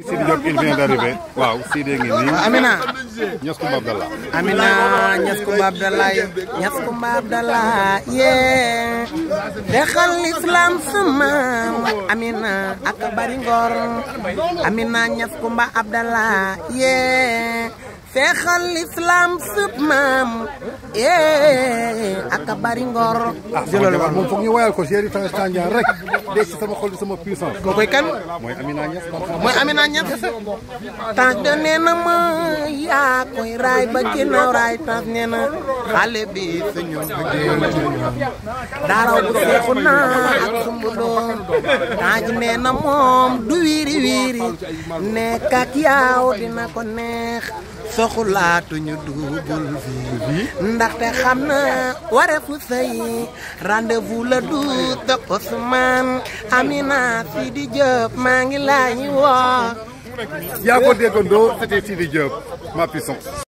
Sidi Diop il na d'arriver waaw Sidi ngi nii. Amina. Niass Koumba Abdallah. Amina Niass Koumba Abdallah yee. dexal islam sama Amina ak bari Amina Niass Koumba Abdallah yee. feexal lislaam sëpp maam ee eh, ak a bari ngor ah, moom foog ñu woyal ko jéri tan tandian rek dee ci sama xol sama puissance ko koy kan mooy Amina Niass mooy Amina Niass tax ma yaa koy raay ba ginnaaw raay tax nee xale bi suñu daaraw bu seexu naa ak sumbu doon moom du wiiri mbiri nekk ak yaaw dina ko neex soxlaatuñu duubul fii ndaxte xam na warefu sëy rendez-vous la du dëkk Ousmane Amina Sidi Diop maa ngi laa ñu woo